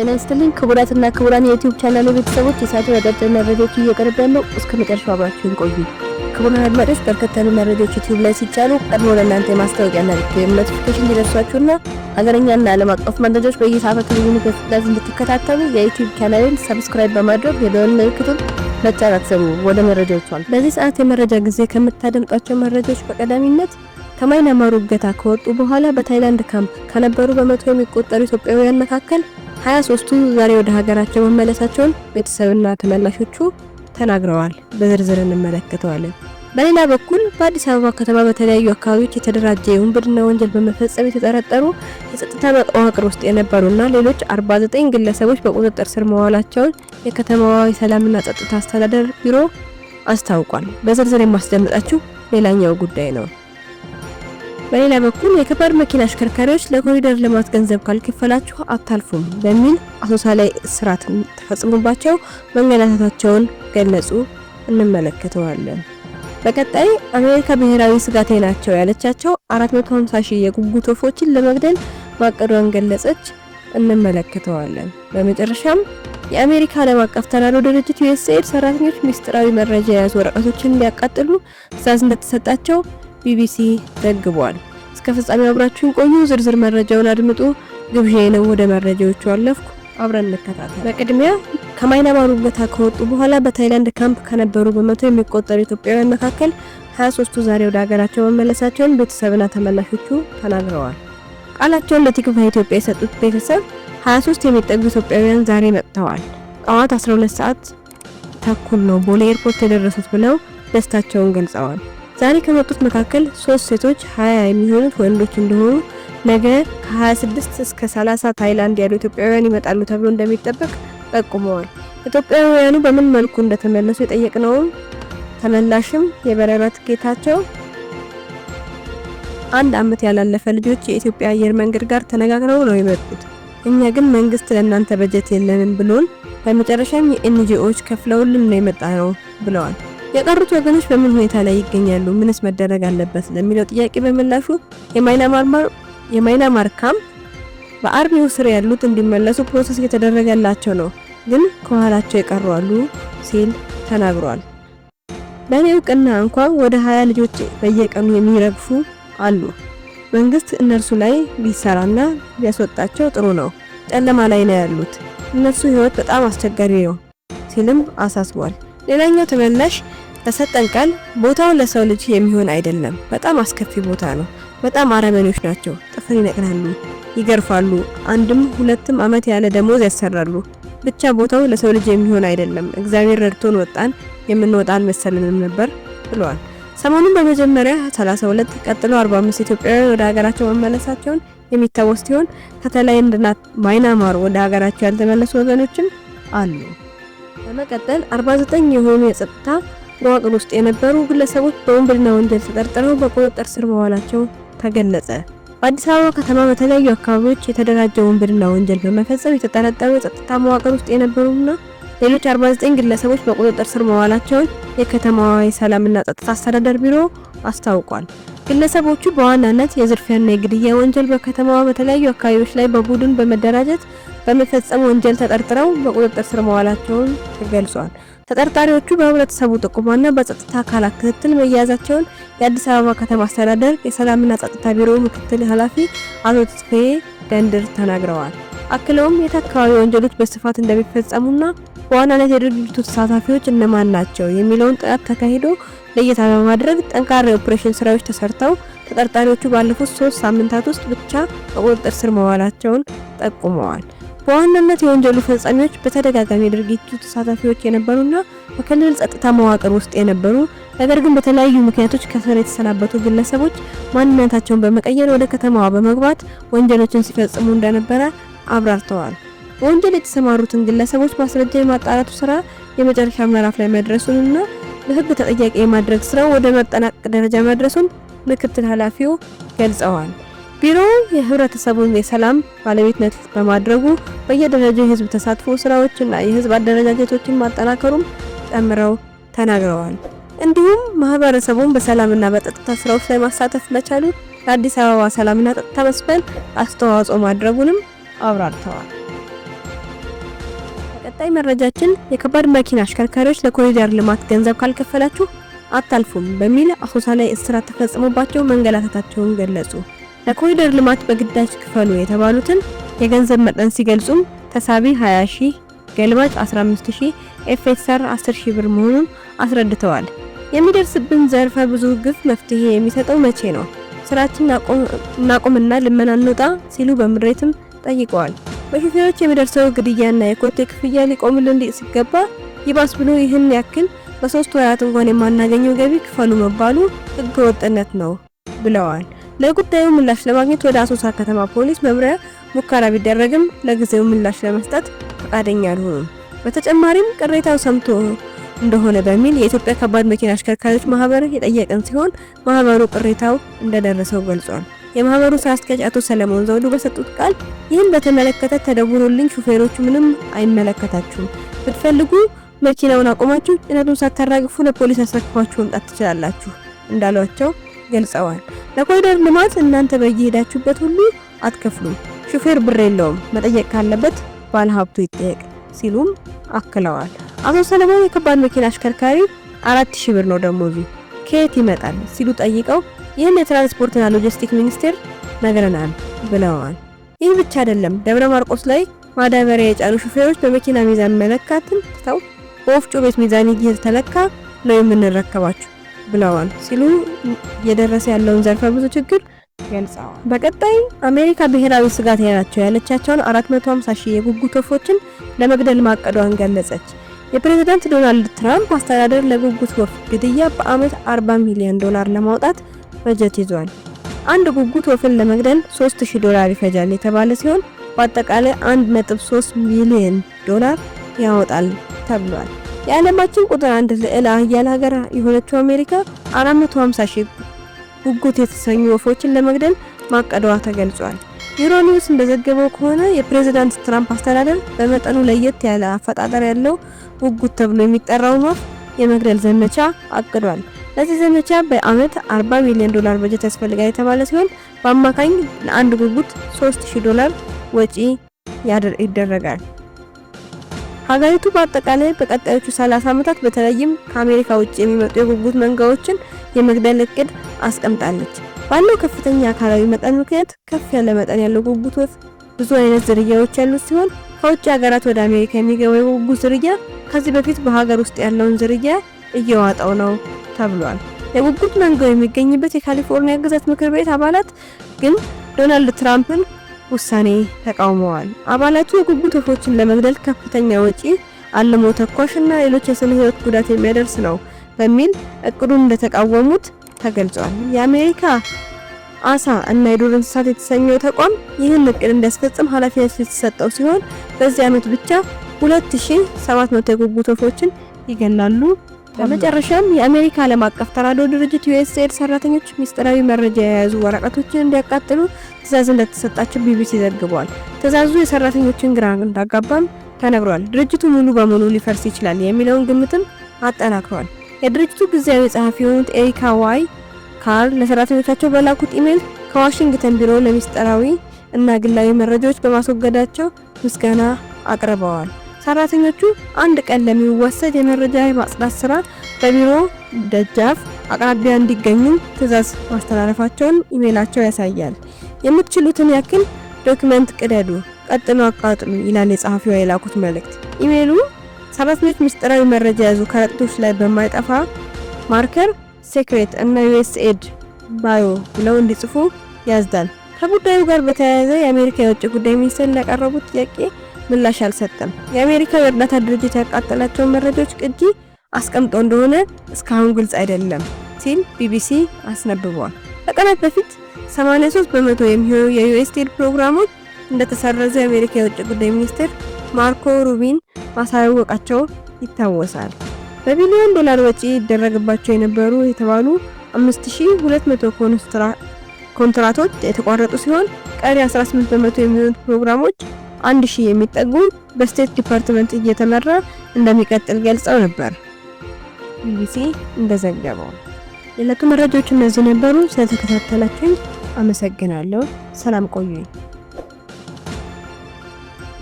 ጤና ይስጥልኝ ክቡራትና ክቡራን የዩቲዩብ ቻናል ቤተሰቦች የሳቱ አዳዲስ መረጃዎች እየቀርብ ያለው እስከ መጨረሻው አብራችሁን ቆዩ። ክቡራን አድማጮች በርከት ያሉ መረጃዎች ዩቲዩብ ላይ ሲጫኑ ቀድሞ ለእናንተ የማስታወቂያና ኖቲፊኬሽን እንዲደርሷችሁና ሀገረኛና ዓለም አቀፍ መረጃዎች በየሰዓቱ ልዩነት በፍጥነት እንድትከታተሉ የዩቲዩብ ቻናልን ሰብስክራይብ በማድረግ የደወል ምልክቱን መጫን አትዘንጉ። ወደ መረጃዎች አሉ። በዚህ ሰዓት የመረጃ ጊዜ ከምታደምጧቸው መረጃዎች በቀዳሚነት ከማይናማሩ እገታ ከወጡ በኋላ በታይላንድ ካምፕ ከነበሩ በመቶ የሚቆጠሩ ኢትዮጵያውያን መካከል 23ቱ ዛሬ ወደ ሀገራቸው መመለሳቸውን ቤተሰብና ተመላሾቹ ተናግረዋል። በዝርዝር እንመለከተዋለን። በሌላ በኩል በአዲስ አበባ ከተማ በተለያዩ አካባቢዎች የተደራጀ የውንብድና ወንጀል በመፈጸም የተጠረጠሩ የጸጥታ መዋቅር ውስጥ የነበሩና ሌሎች 49 ግለሰቦች በቁጥጥር ስር መዋላቸውን የከተማዋ የሰላምና ጸጥታ አስተዳደር ቢሮ አስታውቋል። በዝርዝር የማስደምጣችሁ ሌላኛው ጉዳይ ነው። በሌላ በኩል የከባድ መኪና አሽከርካሪዎች ለኮሪደር ልማት ገንዘብ ካልከፈላችሁ አታልፉም በሚል አሶሳ ላይ እስራት ተፈጽሞባቸው መንገላታታቸውን ገለጹ። እንመለከተዋለን። በቀጣይ አሜሪካ ብሔራዊ ስጋቴ ናቸው ያለቻቸው 450 ሺህ የጉጉት ወፎችን ለመግደል ማቀዷን ገለጸች። እንመለከተዋለን። በመጨረሻም የአሜሪካ ዓለም አቀፍ ተራድኦ ድርጅት ዩኤስኤድ ሰራተኞች ሚስጥራዊ መረጃ የያዙ ወረቀቶችን እንዲያቃጥሉ ትዕዛዝ እንደተሰጣቸው ቢቢሲ ዘግቧል። እስከ ፍጻሜ አብራችሁን ቆዩ። ዝርዝር መረጃውን አድምጡ። ግብዣ ነው። ወደ መረጃዎቹ አለፍኩ። አብረን እንከታተል። በቅድሚያ ከማይናማሩ ገታ ከወጡ በኋላ በታይላንድ ካምፕ ከነበሩ በመቶ የሚቆጠሩ ኢትዮጵያውያን መካከል 23ቱ ዛሬ ወደ ሀገራቸው መመለሳቸውን ቤተሰብና ተመላሾቹ ተናግረዋል። ቃላቸውን ለቲክቫ ኢትዮጵያ የሰጡት ቤተሰብ 23 የሚጠጉ ኢትዮጵያውያን ዛሬ መጥተዋል። ጠዋት 12 ሰዓት ተኩል ነው ቦሌ ኤርፖርት የደረሱት ብለው ደስታቸውን ገልጸዋል። ዛሬ ከመጡት መካከል ሶስት ሴቶች 20 የሚሆኑት ወንዶች እንደሆኑ ነገ ከ26 እስከ 30 ታይላንድ ያሉ ኢትዮጵያውያን ይመጣሉ ተብሎ እንደሚጠበቅ ጠቁመዋል። ኢትዮጵያውያኑ በምን መልኩ እንደተመለሱ የጠየቅነውም ተመላሽም የበረራ ትኬታቸው አንድ ዓመት ያላለፈ ልጆች የኢትዮጵያ አየር መንገድ ጋር ተነጋግረው ነው የመጡት። እኛ ግን መንግስት ለእናንተ በጀት የለንም ብሎን በመጨረሻም የኤንጂኦዎች ከፍለውልን ነው የመጣ ነው ብለዋል። የቀሩት ወገኖች በምን ሁኔታ ላይ ይገኛሉ? ምንስ መደረግ አለበት ለሚለው ጥያቄ በምላሹ የማይናማር ካምፕ በአርሚው ስር ያሉት እንዲመለሱ ፕሮሰስ እየተደረገላቸው ነው፣ ግን ከኋላቸው የቀሩ አሉ ሲል ተናግሯል። በእኔ እውቅና እንኳን ወደ 20 ልጆች በየቀኑ የሚረግፉ አሉ። መንግስት እነርሱ ላይ ቢሰራና ቢያስወጣቸው ጥሩ ነው። ጨለማ ላይ ነው ያሉት። እነሱ ህይወት በጣም አስቸጋሪ ነው ሲልም አሳስቧል። ሌላኛው ተመላሽ ተሰጠን ቃል ቦታው ለሰው ልጅ የሚሆን አይደለም። በጣም አስከፊ ቦታ ነው። በጣም አረመኔዎች ናቸው። ጥፍር ይነቅላሉ፣ ይገርፋሉ፣ አንድም ሁለትም አመት ያለ ደሞዝ ያሰራሉ። ብቻ ቦታው ለሰው ልጅ የሚሆን አይደለም። እግዚአብሔር ረድቶን ወጣን፣ የምንወጣ አልመሰለንም ነበር ብለዋል። ሰሞኑን በመጀመሪያ 32 ቀጥሎ 45 ኢትዮጵያውያን ወደ ሀገራቸው መመለሳቸውን የሚታወስ ሲሆን ከተለይ እንድናት ማይናማር ወደ ሀገራቸው ያልተመለሱ ወገኖችም አሉ። በመቀጠል 49 የሆኑ የጸጥታ መዋቅር ውስጥ የነበሩ ግለሰቦች በወንብድና ወንጀል ተጠርጥረው በቁጥጥር ስር መዋላቸው ተገለጸ። በአዲስ አበባ ከተማ በተለያዩ አካባቢዎች የተደራጀ ወንብድና ወንጀል በመፈጸም የተጠረጠሩ የጸጥታ መዋቅር ውስጥ የነበሩና ሌሎች 49 ግለሰቦች በቁጥጥር ስር መዋላቸውን የከተማዋ የሰላምና ጸጥታ አስተዳደር ቢሮ አስታውቋል። ግለሰቦቹ በዋናነት የዝርፊያና የግድያ ወንጀል በከተማዋ በተለያዩ አካባቢዎች ላይ በቡድን በመደራጀት በመፈጸም ወንጀል ተጠርጥረው በቁጥጥር ስር መዋላቸውን ገልጿል። ተጠርጣሪዎቹ በህብረተሰቡ ጥቆማና በጸጥታ አካላት ክትትል መያዛቸውን የአዲስ አበባ ከተማ አስተዳደር የሰላምና ጸጥታ ቢሮ ምክትል ኃላፊ አቶ ተስፋዬ ገንድር ተናግረዋል። አክለውም የት አካባቢ ወንጀሎች በስፋት እንደሚፈጸሙና በዋናነት የድርጊቱ ተሳታፊዎች እነማን ናቸው የሚለውን ጥናት ተካሂዶ ለየታ በማድረግ ጠንካራ የኦፕሬሽን ስራዎች ተሰርተው ተጠርጣሪዎቹ ባለፉት ሶስት ሳምንታት ውስጥ ብቻ በቁጥጥር ስር መዋላቸውን ጠቁመዋል። በዋናነት የወንጀሉ ፈጻሚዎች በተደጋጋሚ የድርጊቱ ተሳታፊዎች የነበሩና በክልል ጸጥታ መዋቅር ውስጥ የነበሩ ነገር ግን በተለያዩ ምክንያቶች ከስር የተሰናበቱ ግለሰቦች ማንነታቸውን በመቀየር ወደ ከተማዋ በመግባት ወንጀሎችን ሲፈጽሙ እንደነበረ አብራርተዋል። በወንጀል የተሰማሩትን ግለሰቦች ማስረጃ የማጣራቱ ስራ የመጨረሻ ምዕራፍ ላይ መድረሱንና ለህግ ተጠያቂ የማድረግ ስራው ወደ መጠናቀቅ ደረጃ መድረሱን ምክትል ኃላፊው ገልጸዋል። ቢሮው የህብረተሰቡን የሰላም ባለቤትነት በማድረጉ በየደረጃው የህዝብ ተሳትፎ ስራዎችና የህዝብ አደረጃጀቶችን ማጠናከሩም ጨምረው ተናግረዋል። እንዲሁም ማህበረሰቡን በሰላምና በጸጥታ ስራዎች ላይ ማሳተፍ መቻሉ ለአዲስ አበባ ሰላምና ጸጥታ መስፈን አስተዋጽኦ ማድረጉንም አብራርተዋል። በቀጣይ መረጃችን የከባድ መኪና አሽከርካሪዎች ለኮሪደር ልማት ገንዘብ ካልከፈላችሁ አታልፉም በሚል አሶሳ ላይ እስራት ተፈጽሞባቸው መንገላታታቸውን ገለጹ። ለኮሪደር ልማት በግዳጅ ክፈሉ የተባሉትን የገንዘብ መጠን ሲገልጹም ተሳቢ 20 ሺህ፣ ገልባጭ 15 ሺህ፣ ኤፌክሰር 10 ሺህ ብር መሆኑን አስረድተዋል። የሚደርስብን ዘርፈ ብዙ ግፍ መፍትሄ የሚሰጠው መቼ ነው? ስራችን እናቁምና ልመና እንውጣ ሲሉ በምሬትም ጠይቀዋል። በሾፌሮች የሚደርሰው ግድያና የኮቴ ክፍያ ሊቆምልን ሲገባ ይባስ ብሎ ይህን ያክል በሶስት ወራት እንኳን የማናገኘው ገቢ ክፈሉ መባሉ ህገወጥነት ወጥነት ነው ብለዋል። ለጉዳዩ ምላሽ ለማግኘት ወደ አሶሳ ከተማ ፖሊስ መምሪያ ሙከራ ቢደረግም ለጊዜው ምላሽ ለመስጠት ፈቃደኛ አልሆኑም። በተጨማሪም ቅሬታው ሰምቶ እንደሆነ በሚል የኢትዮጵያ ከባድ መኪና አሽከርካሪዎች ማህበር የጠየቀን ሲሆን ማህበሩ ቅሬታው እንደደረሰው ገልጿል። የማህበሩ ስራ አስኪያጅ አቶ ሰለሞን ዘውዱ በሰጡት ቃል ይህን በተመለከተ ተደውሎልኝ ሹፌሮቹ ምንም አይመለከታችሁም፣ ብትፈልጉ መኪናውን አቁማችሁ ጭነቱን ሳታራግፉ ለፖሊስ አስረክባችሁ መምጣት ትችላላችሁ እንዳሏቸው ገልጸዋል። ለኮሪደር ልማት እናንተ በየሄዳችሁበት ሁሉ አትከፍሉ፣ ሹፌር ብር የለውም፣ መጠየቅ ካለበት ባለሀብቱ ይጠየቅ ሲሉም አክለዋል። አቶ ሰለሞን የከባድ መኪና አሽከርካሪ አራት ሺህ ብር ነው ደሞዙ ከየት ይመጣል ሲሉ ጠይቀው ይህን የትራንስፖርትና ሎጂስቲክ ሚኒስቴር ነግረናል ብለዋል። ይህ ብቻ አይደለም፣ ደብረ ማርቆስ ላይ ማዳበሪያ የጫኑ ሹፌሮች በመኪና ሚዛን መለካትን ትተው በወፍጮ ቤት ሚዛን እየተለካ ነው የምንረከባቸው ብለዋል ሲሉ እየደረሰ ያለውን ዘርፈ ብዙ ችግር ገልጸዋል። በቀጣይ አሜሪካ ብሔራዊ ስጋት ናቸው ያለቻቸውን 450 ሺህ የጉጉት ወፎችን ለመግደል ማቀዷን ገለጸች። የፕሬዝዳንት ዶናልድ ትራምፕ አስተዳደር ለጉጉት ወፍ ግድያ በአመት 40 ሚሊዮን ዶላር ለማውጣት በጀት ይዟል። አንድ ጉጉት ወፍን ለመግደል 3000 ዶላር ይፈጃል የተባለ ሲሆን በአጠቃላይ 1.3 ሚሊዮን ዶላር ያወጣል ተብሏል። የዓለማችን ቁጥር አንድ ልዕለ ኃያል ሀገር የሆነችው አሜሪካ 450 ሺህ ጉጉት የተሰኙ ወፎችን ለመግደል ማቀደዋ ተገልጿል። ዩሮኒውስ እንደዘገበው ከሆነ የፕሬዝዳንት ትራምፕ አስተዳደር በመጠኑ ለየት ያለ አፈጣጠር ያለው ጉጉት ተብሎ የሚጠራውን ወፍ የመግደል ዘመቻ አቅዷል። ለዚህ ዘመቻ በአመት 40 ሚሊዮን ዶላር በጀት ያስፈልጋል የተባለ ሲሆን በአማካኝ ለአንድ ጉጉት 3000 ዶላር ወጪ ይደረጋል። ሀገሪቱ በአጠቃላይ በቀጣዮቹ 30 ዓመታት በተለይም ከአሜሪካ ውጭ የሚመጡ የጉጉት መንጋዎችን የመግደል እቅድ አስቀምጣለች። ባለው ከፍተኛ አካላዊ መጠን ምክንያት ከፍ ያለ መጠን ያለው ጉጉት ወፍ ብዙ አይነት ዝርያዎች ያሉት ሲሆን ከውጭ ሀገራት ወደ አሜሪካ የሚገባው የጉጉት ዝርያ ከዚህ በፊት በሀገር ውስጥ ያለውን ዝርያ እየዋጠው ነው ተብሏል። የጉጉት መንጋው የሚገኝበት የካሊፎርኒያ ግዛት ምክር ቤት አባላት ግን ዶናልድ ትራምፕን ውሳኔ ተቃውመዋል። አባላቱ የጉጉት ወፎችን ለመግደል ከፍተኛ ወጪ አልሞ ተኳሽ እና ሌሎች የስነ ህይወት ጉዳት የሚያደርስ ነው በሚል እቅዱን እንደተቃወሙት ተገልጿል። የአሜሪካ አሳ እና የዱር እንስሳት የተሰኘው ተቋም ይህን እቅድ እንዲያስፈጽም ኃላፊነት የተሰጠው ሲሆን በዚህ ዓመት ብቻ 2700 የጉጉት ወፎችን ይገላሉ በመጨረሻም የአሜሪካ ዓለም አቀፍ ተራድኦ ድርጅት ዩኤስኤድ ሰራተኞች ሚስጥራዊ መረጃ የያዙ ወረቀቶችን እንዲያቃጥሉ ትእዛዝ እንደተሰጣቸው ቢቢሲ ዘግቧል። ትእዛዙ የሰራተኞችን ግራ እንዳጋባም ተነግሯል። ድርጅቱ ሙሉ በሙሉ ሊፈርስ ይችላል የሚለውን ግምትም አጠናክሯል። የድርጅቱ ጊዜያዊ ጸሐፊ የሆኑት ኤሪካ ዋይ ካር ለሰራተኞቻቸው በላኩት ኢሜይል ከዋሽንግተን ቢሮ ለሚስጥራዊ እና ግላዊ መረጃዎች በማስወገዳቸው ምስጋና አቅርበዋል። ሰራተኞቹ አንድ ቀን ለሚወሰድ የመረጃ የማጽዳት ስራ በቢሮ ደጃፍ አቅራቢያ እንዲገኙ ትዛዝ ማስተላለፋቸውን ኢሜይላቸው ያሳያል። የምትችሉትን ያክል ዶክመንት ቅደዱ፣ ቀጥሎ አቃጥሉ ይላል የጸሐፊዋ የላኩት መልእክት። ኢሜይሉ ሰራተኞች ምስጢራዊ መረጃ የያዙ ከረጢቶች ላይ በማይጠፋ ማርከር ሴክሬት እና ዩኤስኤድ ባዮ ብለው እንዲጽፉ ያዝዳል። ከጉዳዩ ጋር በተያያዘ የአሜሪካ የውጭ ጉዳይ ሚኒስቴር ያቀረቡት ጥያቄ ምላሽ አልሰጠም። የአሜሪካ የእርዳታ ድርጅት ያቃጠላቸውን መረጃዎች ቅጂ አስቀምጦ እንደሆነ እስካሁን ግልጽ አይደለም ሲል ቢቢሲ አስነብቧል። ከቀናት በፊት 83 በመቶ የሚሆኑ የዩኤስኤድ ፕሮግራሞች እንደተሰረዘ የአሜሪካ የውጭ ጉዳይ ሚኒስትር ማርኮ ሩቢን ማሳወቃቸው ይታወሳል። በቢሊዮን ዶላር ወጪ ይደረግባቸው የነበሩ የተባሉ 5200 ኮንትራቶች የተቋረጡ ሲሆን ቀሪ 18 በመቶ የሚሆኑት ፕሮግራሞች አንድ ሺህ የሚጠጉ በስቴት ዲፓርትመንት እየተመራ እንደሚቀጥል ገልጸው ነበር። ቢቢሲ እንደዘገበው የዕለቱ መረጃዎች እነዚህ ነበሩ። ስለተከታተላችሁኝ አመሰግናለሁ። ሰላም ቆዩኝ።